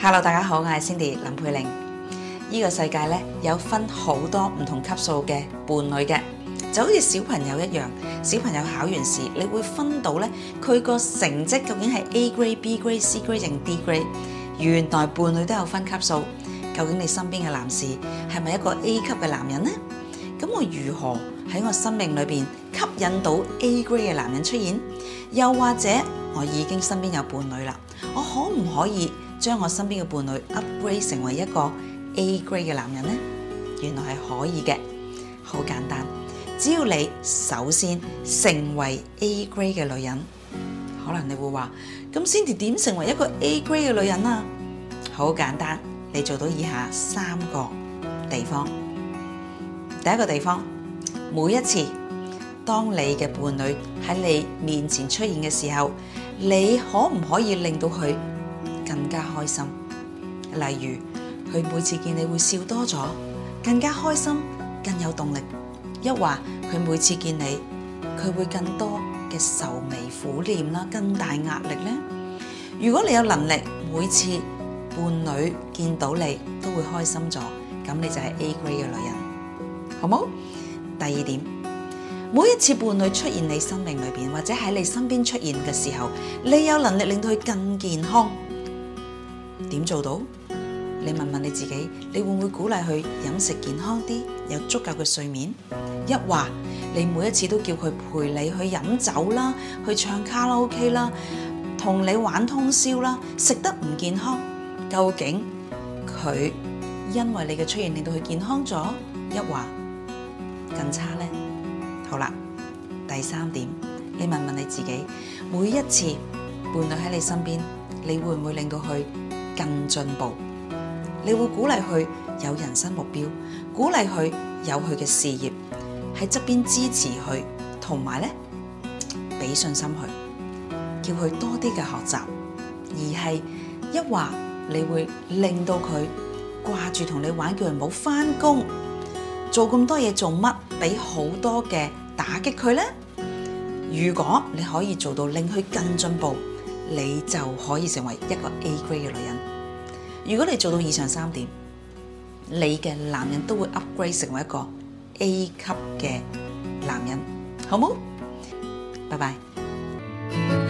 Hello，大家好，我係 Cindy 林佩玲。呢個世界呢有分好多唔同級數嘅伴侶嘅，就好似小朋友一樣。小朋友考完試，你會分到呢他佢個成績究竟係 A grade、B grade、C grade 定 D grade？原來伴侶都有分級數。究竟你身邊嘅男士係咪一個 A 級嘅男人呢？咁我如何喺我生命裏面吸引到 A grade 嘅男人出現？又或者我已經身邊有伴侶啦，我可唔可以？將我身邊嘅伴侶 upgrade 成為一個 A grade 嘅男人呢？原來係可以嘅，好簡單。只要你首先成為 A grade 嘅女人，可能你會話：咁 Cindy 點成為一個 A grade 嘅女人啊？好簡單，你做到以下三個地方。第一個地方，每一次當你嘅伴侶喺你面前出現嘅時候，你可唔可以令到佢？更加開心，例如佢每次見你會笑多咗，更加開心，更有動力；一話佢每次見你，佢會更多嘅愁眉苦臉啦，更大壓力呢。如果你有能力每次伴侶見到你都會開心咗，咁你就係 A 級嘅女人，好冇？第二點，每一次伴侶出現你生命裏邊或者喺你身邊出現嘅時候，你有能力令到佢更健康。點做到？你問問你自己，你會唔會鼓勵佢飲食健康啲，有足夠嘅睡眠？一話，你每一次都叫佢陪你去飲酒啦，去唱卡拉 OK 啦，同你玩通宵啦，食得唔健康？究竟佢因為你嘅出現令到佢健康咗？一話更差呢？好啦，第三點，你問問你自己，每一次伴侶喺你身邊，你會唔會令到佢？更進步，你會鼓勵佢有人生目標，鼓勵佢有佢嘅事業，喺側邊支持佢，同埋咧，俾信心佢，叫佢多啲嘅學習，而係一話你會令到佢掛住同你玩，叫人唔好翻工，做咁多嘢做乜？俾好多嘅打擊佢咧。如果你可以做到令佢更進步。你就可以成為一個 A 級嘅女人。如果你做到以上三點，你嘅男人都會 upgrade 成為一個 A 級嘅男人，好冇？拜拜。